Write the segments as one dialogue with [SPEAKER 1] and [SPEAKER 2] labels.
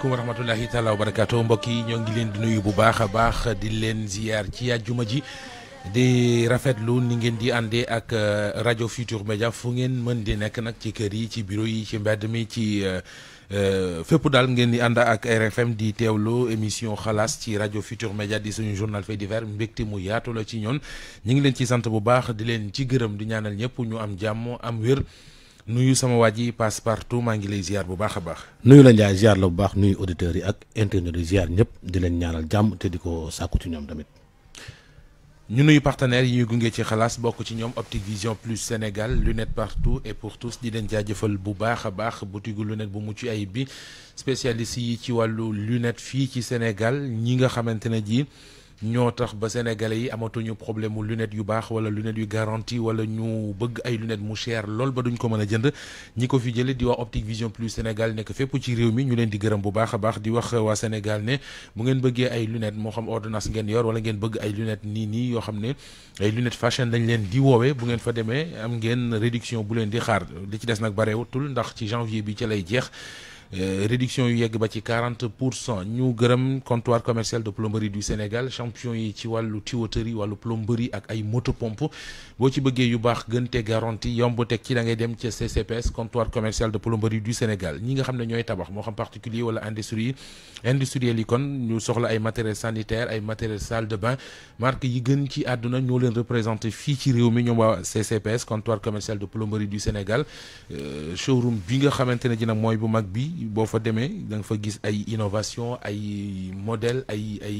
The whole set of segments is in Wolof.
[SPEAKER 1] aleykum wa rahmatullahi taala wa barakaatu mbokk yi ñoo ngi leen di nuyu bu baax a baax di leen ziyaar ci àjjuma ji di rafetlu ni ngeen di àndee ak euh, rajo Futur Media fu ngeen mën di nekk nag ci kër yi ci bureau yi ci mbedd mi ci euh, euh, fépp daal ngeen di ànd ak RFM di teewlu émission xalaas ci rajo Futur Media di suñu journal fait divers mbégte mu yaatu la ci ñoon ñu ngi leen ci sant bu baax di leen ci gërëm di ñaanal ñëpp ñu am jàmm am wér. nuyu sama waa ji passe partout maa ngi lay ziar bu baax a baax. nuyu la Ndiaye ziar la bu baax nuyu auditeurs yi ak internet yi ziar ñëpp di leen ñaanal jàmm te di ko sàkku ci ñoom tamit. ñu nuyu partenaires yi gunge ci xalaas bokk ci ñoom Optic Vision Plus Sénégal lunette partout et pour tous di leen jaajëfal bu baax a baax butigu lunette bu mucc ay bi spécialiste yi ci wàllu lunette fii ci Sénégal ñi nga xamante ne ji. ñoo tax ba sénégalais yi amatuñu problème mu lunette yu baax wala lunette yu garantie wala ñu bëgg ay lunette mu cher lool ba duñ ko mën a jënd ñi ko fi jële di waa Optique Vision Plus Sénégal nekk fépp ci réew mi ñu leen di gërëm bu baax a baax di wax waa Sénégal ne bu ngeen bëggee ay lunette moo xam ordonnance ngeen yor wala ngeen bëgg ay lunette nii nii yoo xam ne ay lunette fashion lañ leen di woowee bu ngeen fa demee am ngeen réduction bu leen di xaar li ci des nag bareewatul ndax ci janvier bi ci lay jeex Euh, réduction yu yegg ba ci quarante pour cent ñu gërëm comptoir commercial de plomberie du Sénégal champion yi ci wàllu tuyauterie wàllu plomberie ak ay moto pomp boo ci bëggee yu baax gën te garantie yomb teg ci da ngay dem ca CCPS comptoir commercial de plomberie du Sénégal ñi nga xam ne ñooy tabax moo xam particulier wala industrie industriel yi kon ñu soxla ay matériel sanitaire ay matériel salle de bain marque yi gën ci àdduna ñoo leen représenté fii ci réew mi ñoom waa CCPS comptoir commercial de plomberie du Sénégal euh, showroom bi nga xamante ne ji nag mooy bu mag bi boo fa demee da nga fa gis ay innovation ay modèle ay ay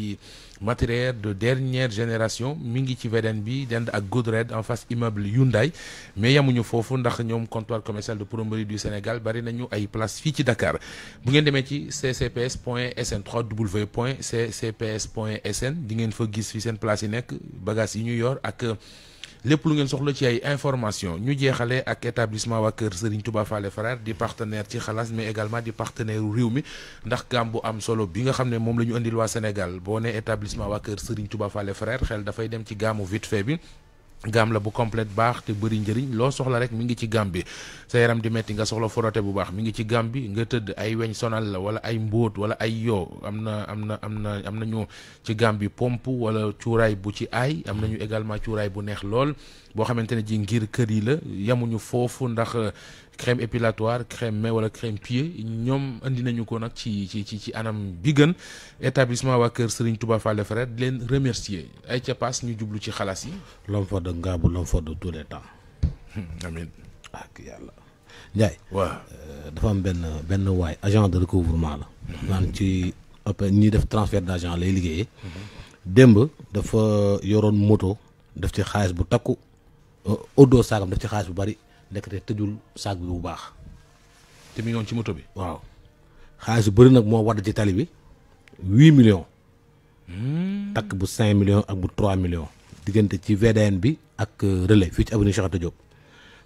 [SPEAKER 1] matériel de dernière génération mu ngi ci VDN bi dend ak Goodred en face immeuble Hyundai mais yamuñu foofu ndax ñoom comptoir commercial de plomberie du Sénégal bari nañu ay place fii ci Dakar bu ngeen demee ci ccps point sn www point ccps point sn di ngeen fa gis fi seen place yi nekk bagage yi ñu yor ak lépp lu ngeen soxla ci ay information ñu jeexale ak établissement waa kër Serigne Touba Fallé di partenaire ci xalaas mais également di partenaire réew mi ndax gam bu am solo bi nga xam ne moom la ñu indil waa Sénégal boo ne établissement waa kër Serigne Touba Fallé xel dafay dem ci gaamu vite fait bi gaam la bu complète baax te bëri njëriñ loo soxla rek mi ngi ci gam bi sa yaram di metti nga soxla frotte bu baax mi ngi ci gam bi nga tëdd ay weñ sonal la wala ay mbóot wala ay yoo am na am na am na am nañu ci gam bi pomp wala cuuraay bu ci aay am nañu également cuuraay bu neex lool boo xamante ne ji ngir kër yi la yemuñu foofu ndax crème épilatoire crème main wala crème pied ñoom indi nañu ko nag ci ci ci ci anam bi gën établissement waa kër Serigne Touba Fallé Frère di leen remercier ay ca ñu jublu ci xalaas yi. l'homme fort de Ngabou, l'homme de tous les temps. amiin ak yàlla. Ndiaye. waaw euh, dafa am benn benn waay agent de recouvrement la. naan ci après ñi def transfert d'argent lay liggéeyee. Mhm. démb dafa yoroon moto def ci xaalis bu takku. odo euh, saakam def ci xaalis bu bari ndekete tëjul saag bi bu baax. te mi ci moto bi. waaw xaalis bu bëri nag moo wadd ci tali bi huit million hmm. takk bu cinq millions ak bu trois millions. diggante ci VDN bi ak euh, relais fii ci avenue Cheikh Anta Diop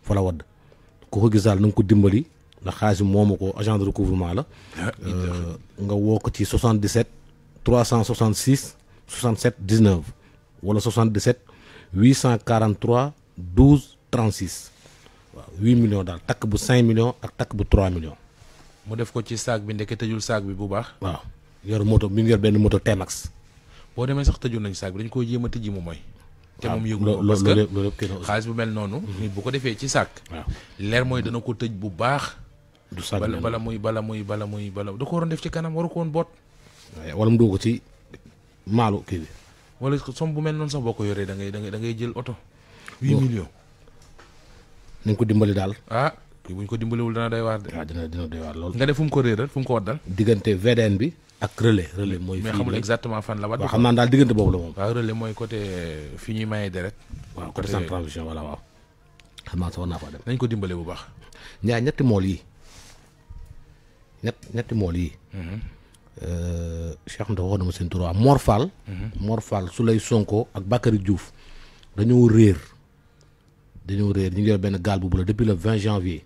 [SPEAKER 1] fa la wadd ku ko gis daal na nga ko dimbali ndax xaalis bi moomu ko agent de recouvrement la. Ah, euh, nga woo ko ci 77 366 67 19 wala 77 843 12 36. 8 millions daal takk bu 5 millions ak takk bu 3 millions. mu def ko ci saak bi ndeke tëjul saak bi bu baax. waaw yor moto mi ngi yor benn moto Temax. boo demee sax tëjul nañ saak bi dañ koy jéem a tëjji mu mooy. te moom yëgul ko parce que xaalis bu mel noonu. Mhm. nit bu ko defee ci saag. leer mooy dana ko tëj bu baax. du saag bala bala muy bala muy bala muy bala da ko waroon def ci kanam waru ko woon boot. wala mu dugg ko ci maalu kii bi. wala som bu mel noonu sax boo ko yoree da ngay da ngay jël oto. 8 millions. nañ ko dimbali daal. ah kii ko dimbaliwul dana doy waar de. waaw ah, dina dina doy waar lool. nga def fu mu ko réeral fu mu ko waddal. diggante VDN bi ak relais. relais mooy fii mais xamul exactement fan la. waaw xam naa daal diggante boobu la moom. waaw relais mooy côté euh, fi ñuy maye deret. waaw côté centre transfusion voilà waaw. xam naa sax war naa faa dem. nañ ko dimbale bu baax. ñaar ñetti mool yi ñetti mool yi. Mhm. Euh, Cheikh Ndao waxoon na ma seen tur waa Mor Fall. Mhm. Mor Fall Sonko ak Bakary Diouf dañoo réer. dañoo réer ñu ngi yor benn gaal bu bu la depuis le 20 janvier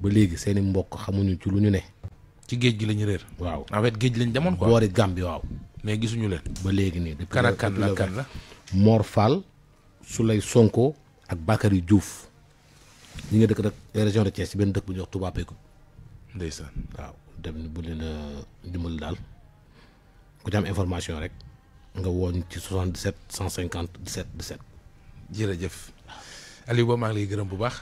[SPEAKER 1] ba léegi seeni mbokk xamuñu ci lu ñu ne. ci géej gi lañu réer. waaw en fait géej lañ demoon quoi. boori Gàmbi waaw. mais gisuñu leen. ba léegi nii depuis kan la kan la Mor Fall Souley Sonko ak Bakary juuf ñi nga dëkk rek région de Thiès ci benn dëkk bu ñu wax Touba Peku. ndeysaan waaw dem bu leen euh, a daal ku ci information rek nga wooñ ci 77 150 17 17. jërëjëf. Aliou Ba maa ngi gërëm bu baax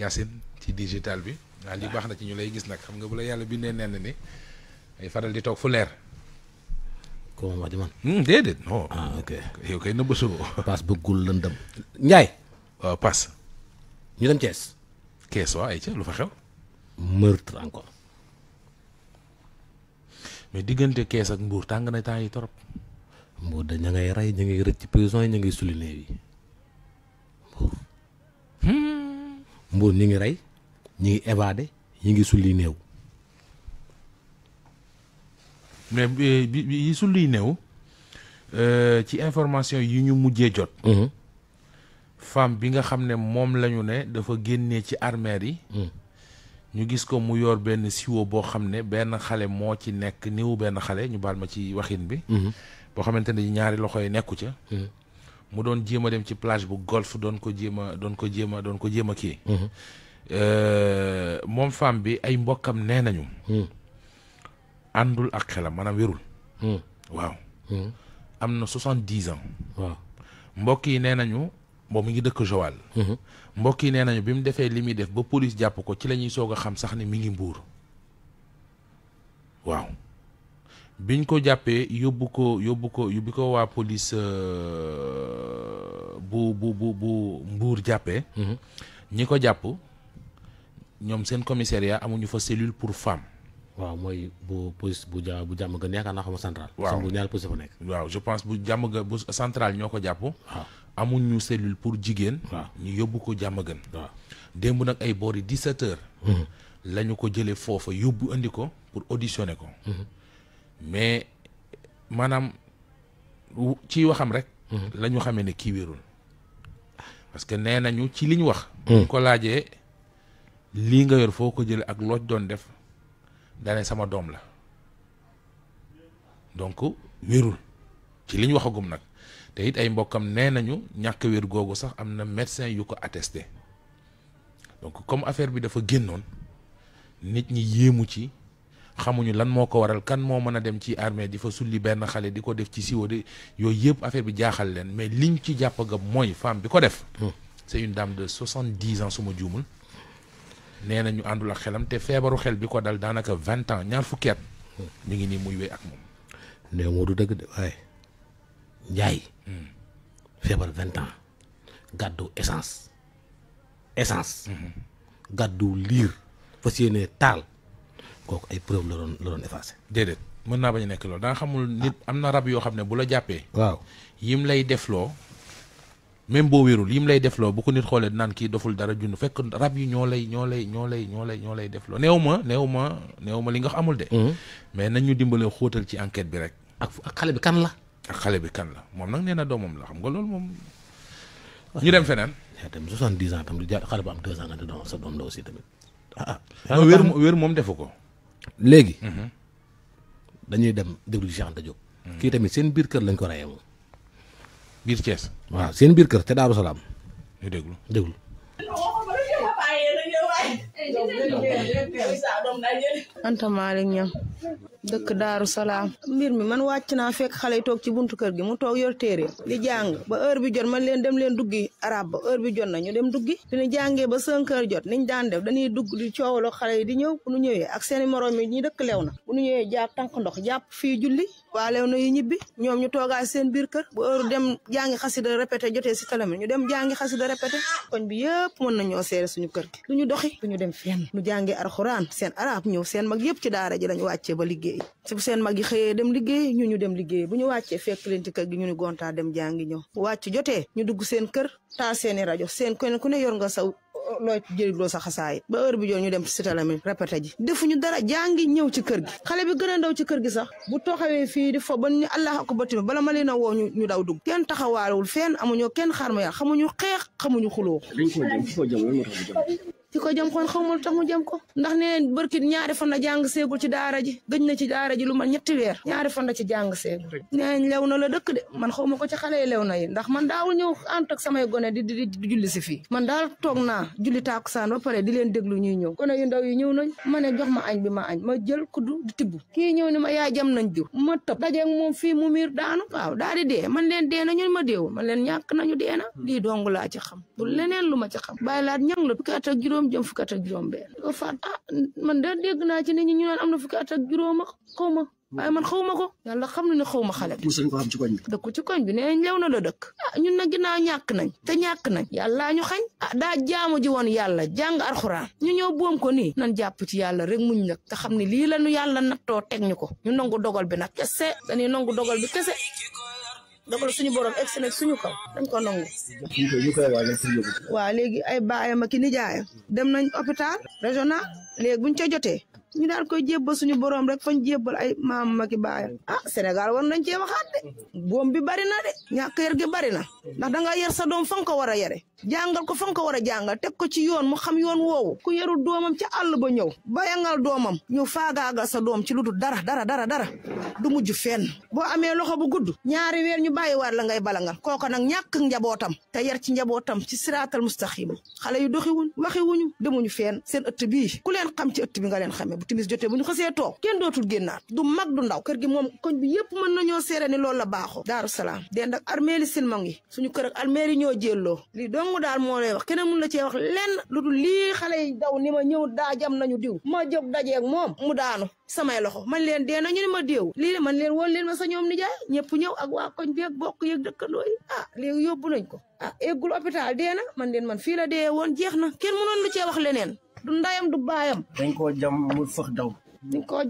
[SPEAKER 1] Yacine ci digital bi. waaw li baax na ci ñu lay gis nag xam nga bu la yàlla bindee nenn ni ay faral di toog fu leer. ko moom wax di man. Hmm, déedéet ah, ok yow kay nëbb soo. paas bëggul lëndëm. Ndiaye. waaw ñu dem Thiès. Thiès waaw ay ca lu fa xew. meurtre encore. mais diggante Thiès ak Mbour tàng na temps yi torop. Mbour dañ na ngay rey ñu ngay rëcc ci prison yi ñu ngay suli yi. mbuur ñi ngi rey ñu ngi évadé ñu ngi sulli néew. mais eh, bi yi sulli néew euh, ci information yi ñu mujjee jot. Mhm. femme bi nga xam ne moom lañu ne dafa génnee ci armeer yi. Mhm. ñu gis ko mu yor benn siwo boo xam ne benn xale moo ci nekk niw benn xale ñu baal ma ci waxin bi. Mhm. boo xamante ne ñaari loxo yi nekku ca. mu doon jéem a dem ci plage bu golf doon ko jéem doon ko jéem a doon ko jéem a kii. Mhm. Euh, moom femme bi ay mbokkam nee nañu. Mhm. àndul ak xelam maanaam wérul. Mhm. waaw. am na soixante-dix ans. waaw mbokk yi nee nañu moom mi ngi dëkk Joal. mbokk yi nee nañu bi mu defee li muy def ba police jàpp ko ci la ñuy soog a xam sax ni mi ngi mbuur waaw. biñ ko jàppee yóbbu ko yóbbu ko yóbbu ko waa police euh, bu bu bu bu Mbour jàppee. Mhm. ñi ko jàpp ñoom seen commissariat amuñu fa cellule pour femme. waaw mooy bu police bu ja bu jàmm ga yaakaar naa xam central. waaw bu ñaari police fa nekk. waaw je pense bu jàmm ga bu central ñoo ko jàpp. waaw amuñu cellule pour jigéen. waaw ñu yóbbu ko jàmm gën. waaw démb nag ay boori 17 heures. Mhm. lañu ko jëlee foofa yóbbu indi ko pour auditionner ko. Mhm. mais maanaam ci waxam rek. Mm-hmm. la ñu xamee ne kii wérul parce que nee nañu ci li ñu wax. Mm. bu ko laajee lii nga yor foo ko jëlee ak looj doon def dane sama doom la donc wérul ci li ñu waxagum nag te it ay mbokkam nee nañu ñàkk wér googu sax am na médecin yu ko attesté donc comme affaire bi dafa génnoon nit ñi yéemu ci. xamuñu lan moo ko waral kan moo mën a dem ci armée di fa sulli benn xale di ko def ci siwo di yooyu yëpp affaire bi jaaxal leen mais liñ ci jàpp gab mooy femme bi ko def. Hmm. c'est une dame de soixante-dix ans su ma juumul. nee na ñu àndul ak xelam te feebaru xel bi ko dal daanaka vingt ans ñaar fukki at. Hmm. ñu ngi nii muy wéy ak moom. nee moo du dëgg de waaye. Njaay. Hmm. feebar vingt ans. gàddu essence. essence. gàddu liir. fas yéene taal. kooku ay preuve la doon la doon effacé. déedéet mën naa bañ nekk loolu daa xamul nit ah. am na rab yoo xam ne bu la jàppee. waaw yim lay def loo même boo wérul yim lay def loo bu ko nit xoolee naan kii doful dara junn fekk rab yi ñoo lay ñoo lay ñoo lay ñoo lay ñoo lay defloo néew ma neew ma néew ma li nga xamul de. Mm-hmm. mais nañ ñu dimbale xóotal ci enquête bi rek. ak ak xale bi kan la. ak xale bi kan la moom nag nee na doomam la xam nga loolu moom. Ah, ñu dem feneen. yaa tamit soixante-dix ans tam xale bu am sa doom la aussi tamit. ah ah, ah wér wér moom defu ko. léegi. Mhm. dañuy dem déglu Cheikh Anta Diop. Mhm. kii tamit seen biir kër lañ ko rayee moom. biir Thiès. waaw seen biir kër te Daaru Salaam. ñu déglu déglu.
[SPEAKER 2] Anta Malick ñam dëkk Daaru Salaam mbir mi man wàcc naa fekk xale yi toog ci buntu kër gi mu toog yor téere di jàng ba heure bi jot man leen dem leen duggi arab ba heure bi jot na ñu dem duggi dina jàngee ba cinq heures jot niñ daan def dañuy dugg di coowaloo xale yi di ñëw nu ñëwee ak seen i morom yi ñu dëkk lew na bu nu ñëwee jàpp ndox jàpp fii julli waa lew na yi ñibbi ñoom ñu toogaay seen biir kër bu heure dem jàngi xasida répété jotee si talami ñu dem jàngi xasida répété koñ bi yëpp mën na ñoo seere suñu kër gi duñu doxi duñu dem fenn ñu jàngi alxuraan seen arab ñëw seen mag yëpp ci daara ji lañ wàccee ba liggéey su seen mag yi xëyee dem liggéey ñu ñu dem liggéey bu ñu wàccee fekk leen ci ñu ni dem jàngi ñëw wàcc jotee ñu dugg seen kër taa seeni rajo seen kenn yor nga saw looy jërigloo sa xasaay ba heure bi joo ñu dem ci talami répété ji defuñu dara jàngi ñëw ci kër gi xale bi gën a ci kër gi sax bu toxawee fii di fo ba ñu allah ak batimi bala ma a woo ñu ñu daw dugg kenn taxawaalul fenn amuñu kenn xarma ki ko jëm xoon xamul tax mu jëm ko ndax neen bërkit ñaari fan la jàng seegul ci daara ji gëj na ci daara ji lu ma ñetti weer ñaari fan la ci jàng seegul neen lew na la dëkk de man xaw ma ko ci xale yi lew na yi ndax man daawul ñëw ànd ak samay gone di di di si fii man daal toog naa julli saan ba pare di leen déglu ñuy ñëw gone yu ndaw yi ñëw nañ ma ne jox ma añ bi ma añ ma jël kuddu di tibb kii ñëw ni ma yaa jam nañ diw ma tëb dajeeg moom fii mu miir daanu waaw daal di dee man leen dee na ñun ma dew man leen ñàkk nañu dee na lii dong laa ci xam bu lu ma ci xam juróom jëm fukki at ak juróom benn a ah, man de dégg naa ci ñu naan am na fukki at ak juróom xaw ma waaye man xaw ma ko yàlla xam na ne xaw ma xale bi mosuñ ko xam ci koñ bi dëkku ci koñ bi nee lew na la dëkk ah ñun na ginnaaw ñàkk nañ te ñàkk nañ yàllaa ñu xañ a ah, daa jaamu ji woon yàlla jàng arxuraan ñu ñëw boom ko nii nan jàpp ci yàlla rek muñ nag te xam ne lii la ñu yàlla nattoo teg ñu ko ñu nangu dogal bi nag kese dañuy nangu dogal bi kese dogal suñu borom egg si nag suñu kaw dañ ko nangu. waaw léegi ay baayam ak i nijaayam dem nañ hôpital régional léegi buñ ca jotee ñu daal koy jébbal suñu borom rek fañ jébbal ay maam ak i baayam ah Sénégal war nañ cee waxaat de boom bi bari na de ñàkk yar gi bari na ndax da nga yar sa doom fa ko war a yare jàngal ko fa ko war a jàngal teg ko ci yoon mu xam yoon woowu ku yarul doomam ca àll ba ñëw bayangal doomam ñëw faagaagal sa doom ci lu dul dara dara dara dara du mujj fen boo amee loxo bu gudd ñaari weer ñu bàyyi waat la ngay bala balangal kooko nag ñàkk njabootam te yar ci njabootam ci siraatal mustaqim xale yi doxiwuñ waxiwuñu demuñu fenn seen ëtt bi ku leen xam ci ëtt bi nga leen xamee bu timis jotee bu ñu xasee toog kenn dootul génnaat du mag du ndaw kër gi moom koñ bi yépp mën nañoo seere ni loolu la baaxoo daaru salaam dend ak armeeli silmang yi suñu kër ak armeeli ñoo jélloo dong daal moo lay wax keneen mun la cee wax lenn lu dul lii xale yi daw ni ma ñëw daa jam nañu diw ma jóg dajeeg moom mu daanu samay loxo man leen dee nañu ne ma déew lii la man leen woon leen ma sa ñoom nijaay ñëpp ñëw ak waa koñ beeg bokk yeeg dëkkandoo yi ah léegi yóbbu nañ ko ah eggul hôpital dee na man leen man fii la dee woon jeex na kenn mënoon lu cee wax leneen du ndayam du baayam.
[SPEAKER 3] dañ koo jam mu fëx daw.
[SPEAKER 2] dañ koo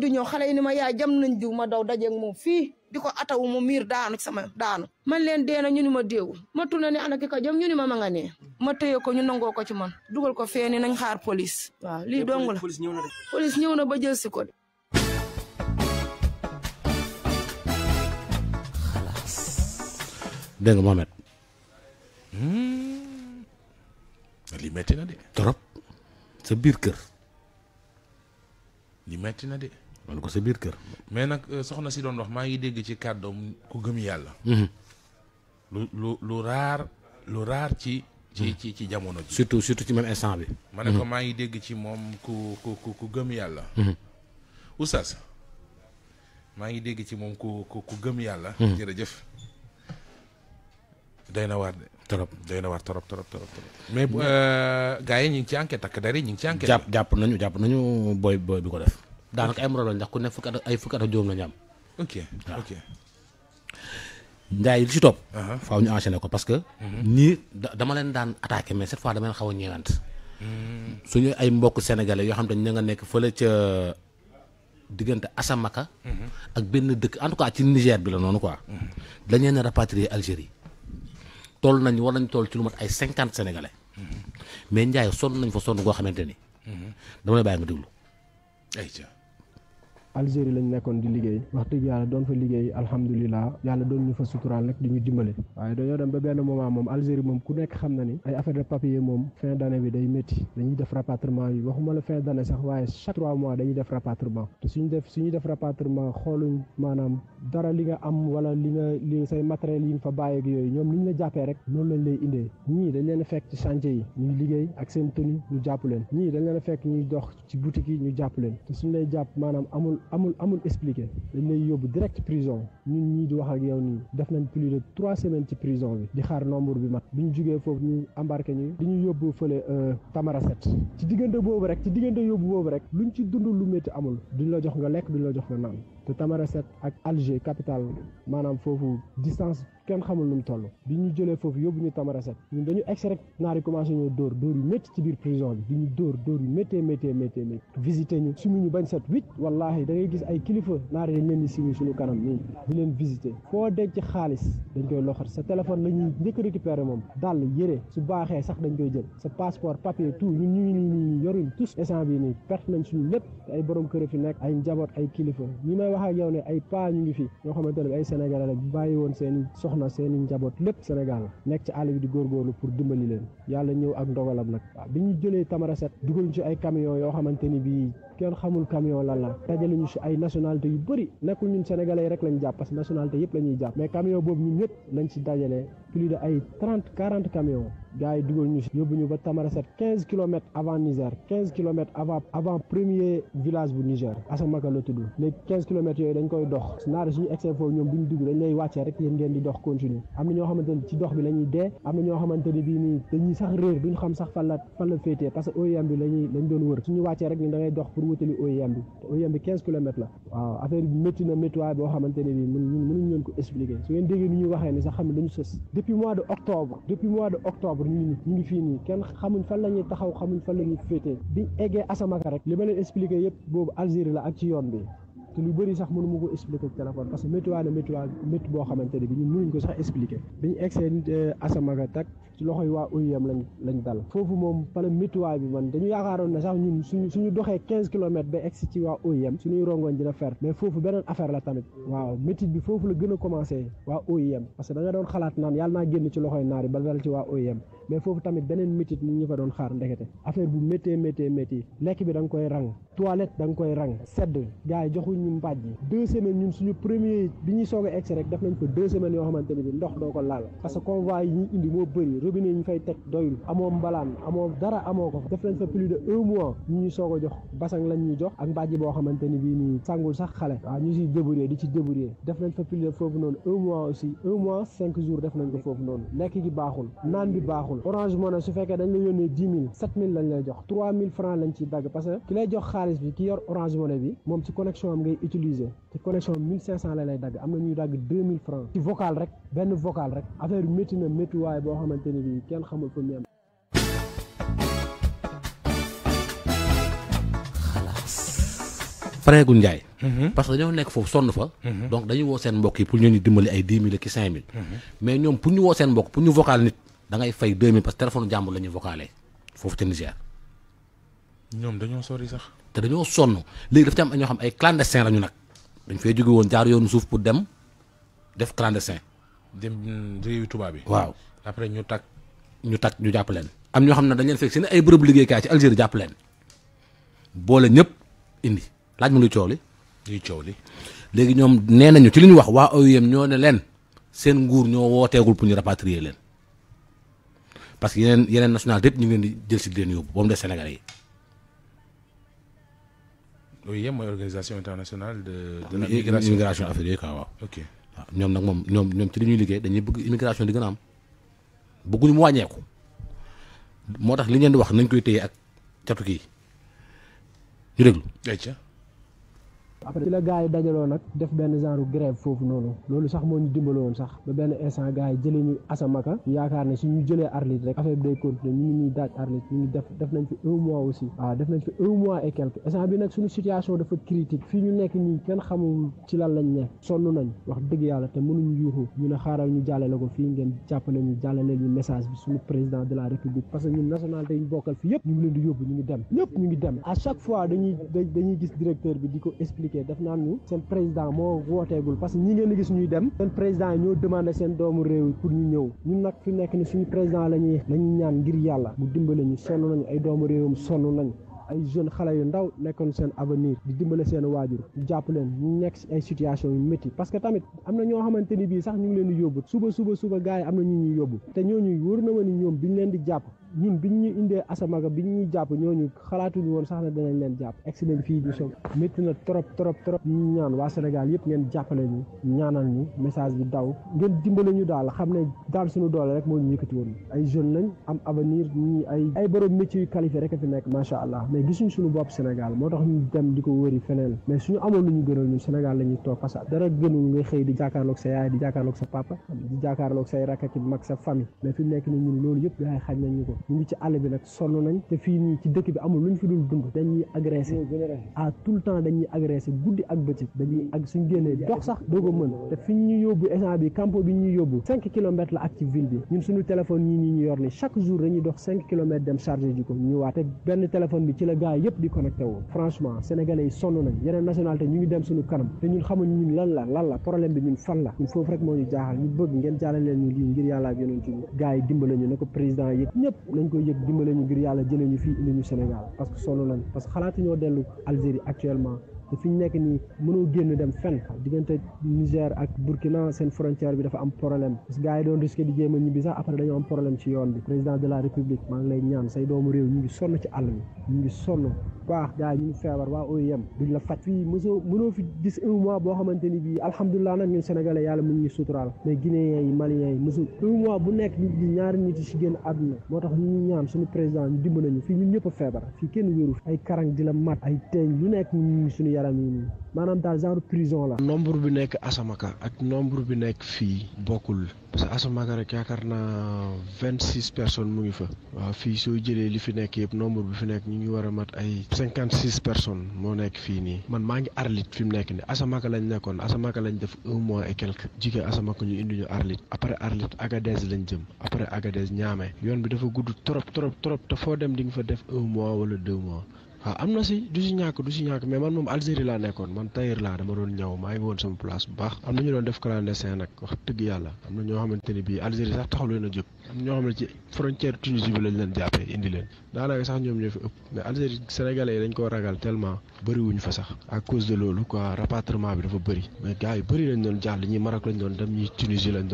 [SPEAKER 2] di ñëw xale yi ni ma yaa jam nañ diw ma daw dajeeg moom fii di ko atawu mu miir daanu sama daanu man leen dee na ñu ni ma déewul ma tourné ni ana ki ko jëm ñu ma ma nga ma tëye ko ñu nangoo ko ci man dugal ko fee nañ xaar police waaw lii dong la police ñëw na ba jël si ko de
[SPEAKER 1] dégg nga Mohamed hmm. li metti de trop sa biir kër li na de wala ko sa biir kër. mais nag euh, soxna si doon wax maa ngi dégg ci kàddoom ku gëm yàlla. Mhm. lu lu lu raar lu raar ci. ci mhm. ci ci jamono ji. surtout surtout ci man instant bi. ma ne ko mhm. maa ngi dégg ci moom ku ku ku ku gëm yàlla. oustaz maa ngi dégg ci moom ku ku ku gëm yàlla. jërëjëf. doy na waar de. trop doy na waar trop trop trop trop. mais euh, gars yi ñu ngi ci enquête takk dari ñu ngi ci jàpp jàpp nañu jàpp nañu booy booy bi ko def. daanaka ay moroom lañ ndax ku ne fukki at ay fukki at ak juróom uh-huh. ñu am. ko parce que. nii mm-hmm. dama leen daan attaqué mais cette fois dama leen a ñeewant. Mm-hmm. suñu ay mbokk sénégalais yoo xam te ne nga nekk fële diggante Asamaka. Mm-hmm. ak benn dëkk en tout cas ci Niger bi la noonu a rapatrier Algérie. toll nañ war nañ ci lu ay cinquante sénégalais. mais Ndiaye sonn nañ fa sonn goo xamante ni. dama lay bàyyi nga déglu.
[SPEAKER 3] Algérie lañ nekkoon di liggéey wax dëgg yàlla doon fa liggéey alhamdulilah yàlla doon ñu fa suturaal nag di ñu dimbale waaye dañoo dem ba benn moment moom Algérie moom ku nekk xam na ni ay affaire de papier moom fin d' année bi day métti dañuy def rapatriement yi waxuma la fin d' année sax waaye chaque trois mois dañuy def rapatriement te suñu def suñu def rapatriement xooluñ maanaam dara li nga am wala li nga li say matériels yi nga fa bàyyeeg yooyu ñoom ni ñu la jàppee rek noonu lañ lay indee ñii dañ leen a fekk ñii dañ leen a fekk ci boutique yi ñu jàpp leen amul amul expliqué dañ lay yóbbu direct prison ñun ñii di wax ak yow nii def nañ plus de trois semaines ci prison bi di xaar nombre bi mag bi ñu jógee foofu ñu embarqué ñu di ñu yóbbu fële euh, Tamaracet ci diggante boobu rek ci diggante yóbbu boobu rek ñu ci dund lu métti amul duñ la jox nga lekk duñ la jox nga naan te Tamaracet ak Alger capital maanaam foofu distance kenn xamul nu mu toll bi ñu jëlee foofu yóbbu ñu Tamaracet ñun dañu egsi rek naar yi commencé ñoo dóor dóor yu métti ci biir prison bi di ñu dóor dóor yu méttee méttee méttee métti visité ñu suñu ñu bañ set huit wallaahi da ngay gis ay kilifa naar yi dañ leen di suñu kanam nii di leen visité foo denc xaalis dañ koy loxat sa téléphone la ñuy njëkk récupéré moom dàll yére su baaxee sax dañ koy jël sa passeport yoruñ tous instant nañ suñu lépp ay borom kër fi nekk ay njaboot ay kilifa ñi may wax ak yow ne ay paa ñu ngi fi ñoo xamante ne bi ay sénégalais la bàyyi woon seen soxna seen njaboot lépp sénégal nekk ci àll bi góor góorgóorlu pour dimbali leen yàlla ñëw ak ndogalam nag waaw bi ñu jëlee Tamara set dugal ci ay camion yoo xamante ni bi kenn xamul camion lan la dajale ñu si ay nationalité yu bëri nekkul ñun sénégalais rek lañ jàpp parce que nationalité yëpp la ñuy jàpp mais camion ñëpp lañ si dajale plus de ay trente gars yi dugal ñu yóbbu ñu ba Tamaracet quinze kilomètres avant Niger quinze kilomètres avant avant village bu Niger Asamaka la tudd léegi quinze kilomètres yooyu dañ koy dox naari suñu excès foofu ñoom duñ dugg dañ lay wàccee rek yéen ngeen di dox continue am na ñoo xamante ci dox bi la dee am na ñoo xamante ne nii dañuy sax réer duñ xam sax fan la fan parce que OIM bi lañuy lañ doon wër suñu wàccee rek ñu da ngay dox pour octobre ñu ngi ñu ngi fii nii kenn xamuñ fan la ñuy taxaw xamuñ fan la ñuy féetee biñ eggee Asamaka rek li ma leen expliqué yëpp boobu Algérie la ak ci yoon bi te lu bëri sax mënu ma ko expliquer téléphone parce que métti waa na métti waa métti boo xamante ne bi ñun mënuñ ko sax expliquer bi ñu egsee nit euh, asamaga tak ci loxoy waa OUM lañ lañ dal foofu moom pala métti waa bi man dañu yaakaaroon ne sax ñun suñu suñu doxee quinze kilomètres ba egsi ci waa OUM suñuy rongoñ dina fer mais foofu beneen affaire la tamit waaw métti bi foofu la gën a commencé waa OUM parce que da nga doon xalaat naan yàlla naa génn ci loxoy naar yi mais foofu tamit beneen métit mu ngi ñu fa doon xaar ndekete affaire bu méttee méttee métti lekk bi da nga koy rang toilette da nga koy rang sedd gars yi joxuñ ñu mbàjj yi deux semaines ñun suñu premier bi ñu soog a egsi rek def nañ ko deux semaines yoo xamante ne bi ndox doo ko laal parce que convoi yi ñuy indi moo bëri robinet yi ñu fay teg doyul amoo mbalaan amoon dara amoo ko def nañ fa plus de un mois ñu ñuy soog a jox basang lañ ñu jox ak mbàjj boo xamante ni bii nii sàngul sax xale ñu siy débrouiller di ci débrouiller def nañ fa plus de foofu noonu mois aussi mois cinq jours def nañ ko noonu lekk gi baaxul naan bi baaxul orange money su fekkee dañ la yónnee dix mille sept mille lañ lay jox trois mille francs lañ ciy dagg parce que ki lay jox xaalis bi ki yor orange bi moom ci connexion am ngay utiliser ci connexion am lay dagg am na ñuy dagg deux mille francs ci vocal rek benn vocal rek affaire métti na métti waaye boo xamante ne bii kenn xamul fu mu yem
[SPEAKER 1] pareegul njaay mhm. parce que dañoo nekk foofu sonn fa mhm. donc dañuy woo seen mbokk pour ñu dimbali ay dix mille ak cinq mhm. woo seen mbokk pour da ngay fay 2000 parce que téléphone jàmbur la ñuy vocalé foofu ca Niger. ñoom dañoo sori sax. te dañoo sonn léegi daf ci am ñoo xam ay clandestin la ñu nag dañ fay jóge woon jaar yoonu suuf pour dem def clandestin. dem réewi tubaab yi waaw après ñu takk. ñu takk ñu jàpp leen. am ñoo xam ne dañ leen fekk seen ay bërëb liggéeykaay ci Algérie jàpp leen boole ñëpp indi laaj ma luy coow li. luy coow li léegi ñoom nee nañu ci lu ñu wax waa OIM ñoo ne leen seen nguur ñoo wooteegul pour ñu rapatrier leen. parce que yeneen yeneen nationalité yëpp ñu ngi di jël si di leen yóbbu ba mu des Sénégalais yi. OIM mooy organisation internationale de yooyu quoi ñoom nag moom ñoom ñoom ci li ñuy liggéey dañuy bëgg immigration di gën a am mu wàññeeku moo tax li ngeen di wax nañ koy téye ak catu kii ñu déglu.
[SPEAKER 3] après ci la gars dajaloo nag def benn genre foofu noonu loolu sax moo ñu dimbaloon sax ba benn instant gars yi ñu asamaka yaakaar ne suñu jëlee arlit rek affaire bi day continuer ñu ngi arlit ñu ngi fi un mois aussi waaw def nañ fi un mois et instant bi nag suñu situation dafa critique fii ñu nekk nii kenn xamul ci lan lañ nekk sonn nañ wax dëgg yàlla te mënuñu yuuxu ñu ne xaaral ñu jàllale ko fii ngeen jàppale ñu jàllale ñu message bi suñu président de la république parce que ñun nationalité yi ñu ñu ngi leen di yóbbu ñu ngi dem ñu ngi dem à expliqué daf naan seen président moo wooteegul parce que ñi ngeen di gis ñuy dem seen président yi ñoo demandé seen doomu réew pour ñu ñëw ñun nag fi nekk ni suñu président la ñuy la ñuy ñaan ngir yàlla mu dimbale ñu sonn nañu ay doomu réewam sonn nañu ay jeunes xale yu ndaw nekkoon seen avenir di dimbale seen waajur ñu jàpp leen ñu nekk si ay situation yu métti parce que tamit am na ñoo xamante ni bii sax ñu ngi leen di yóbbu suba suba suba gars yi am na ñu ñuy yóbbu te ñooñu wóor na ma ni ñoom leen di jàpp ñun bi ñu indee asamaga biñ ñuy jàpp ñu xalaatuñu woon sax ne danañ leen jàpp egsi fii ñu som métti na trop trop trop ñu ñaan waa Sénégal yëpp ngeen jàppale ñu ñaanal ñu message bi daw ngeen dimbale ñu daal xam ne daan suñu doole rek moo ñu yëkkati woon ay jeunes lañ am avenir ñi ay ay borom métier yu qualifié bopp Sénégal moo tax ñu dem di ko wëri feneen mais suñu amoon lu ñu gënal ñun Sénégal la ñuy toog parce que dara gënul ngay xëy di jàkkaarloog sa yaay di jàkkaarloog sa papa di jàkkaarloog say rakk ak mag sa famille mais fi nekk ni ñun loolu yëpp daay xañ nañ ñu ko ñu ngi ci àll bi nag sonn nañ te fii nii ci dëkk bi amul lu ñu fi dul dund dañuy agressé à tout le temps dañuy agressé guddi ak bëccëg dañuy ak suñ génnee dox sax doog a mën te fi ñu yóbbu instant bi campo bi ñuy yóbbu cinq kilomètres la ak ci ville bi ñun suñu téléphone ñii ñi ñu yor ni chaque jour dañuy dox cinq kilomètres dem chargé ji ko ñu waate benn téléphone bi ci la gars yëpp di connecté woo franchement sénégalais yi sonn nañ yeneen nationalité ñu ngi dem suñu kanam te ñun xamuñ lan la lan problème bi ñun fan la ñun foofu rek ñu jaaxal ñu bëgg ngeen jaalaleen ñu lii ngir yàlla ak yonent yi dimbala ñu ne ko président yëpp ñëpp nañ koy yëg dimbale ñu ngir yàlla jëlee ñu fii indi ñu Sénégal parce que sonn nañ parce que xalaatuñoo dellu Algérie actuellement te fi ñu nekk nii mënoo génn dem fenn diggante Niger ak Burkina seen frontière bi dafa am problème parce que gars yi doon risqué di jéem a ñibbi sax après dañoo am problème ci yoon bi président de la république maa ngi lay ñaan say doomu réew ñu ngi sonn ci àll bi ñu ngi sonn baax gars yi ñu feebar waa OIM e duñ la faj fii mësoo mënoo fi gis un boo xamante ni bii alhamdulilah nag ñu sénégalais yàlla mu ngi ñu suturaal mais guinéens yi maliens yi mësul un mois bu nekk nit ñi ñaari nit yi si génn àdduna moo tax ñu ñaan suñu président ñu dimbali ñu fii ñun ñëpp feebar fii kenn wéeru ay karang di la mat ay teeñ lu nekk ñu suñu yaram yi nii maanaam daal genre prison la. nombre bi nekk Asamaka ak nombre bi nekk fii bokkul parce que Asamaka rek yaakaar naa vingt six personnes mu ngi fa. waa fii soo jëlee li fi nekk yëpp nombre bi fi nekk ñu ngi war a mat ay cinquante six personnes moo nekk fii nii man maa ngi Arlit fi mu nekk nii Asamaka lañ nekkoon Asamaka lañ def un mois et quelque jigéen Asamaka ñu indi ñu Arlit après Arlit Agadez lañ jëm après agades Niamey yoon bi dafa gudd trop trop trop te foo dem di nga fa def un mois wala deux mois. waaw ah, am na si du si ñàkk du si ñàkk mais man moom Algérie laa nekkoon man tailleur laa dama doon ñaw maa ngi woon sama place bu baax am na ñu doon def clandestin nag wax dëgg yàlla am na ñoo xamante ni bii Algérie sax taxaw leen a jóg am ñoo xam ne ci frontière Tunisie bi lañ leen jàppee indi leen daanaka sax ñoom ñoo fi ëpp mais Algérie sénégalais yi dañ koo ragal tellement bëriwuñ fa sax à cause de loolu quoi rapatriement bi dafa bëri mais gars yi bëri lañ doon jàll ñi Maroc lañ doon dem ñi Tunisie lañ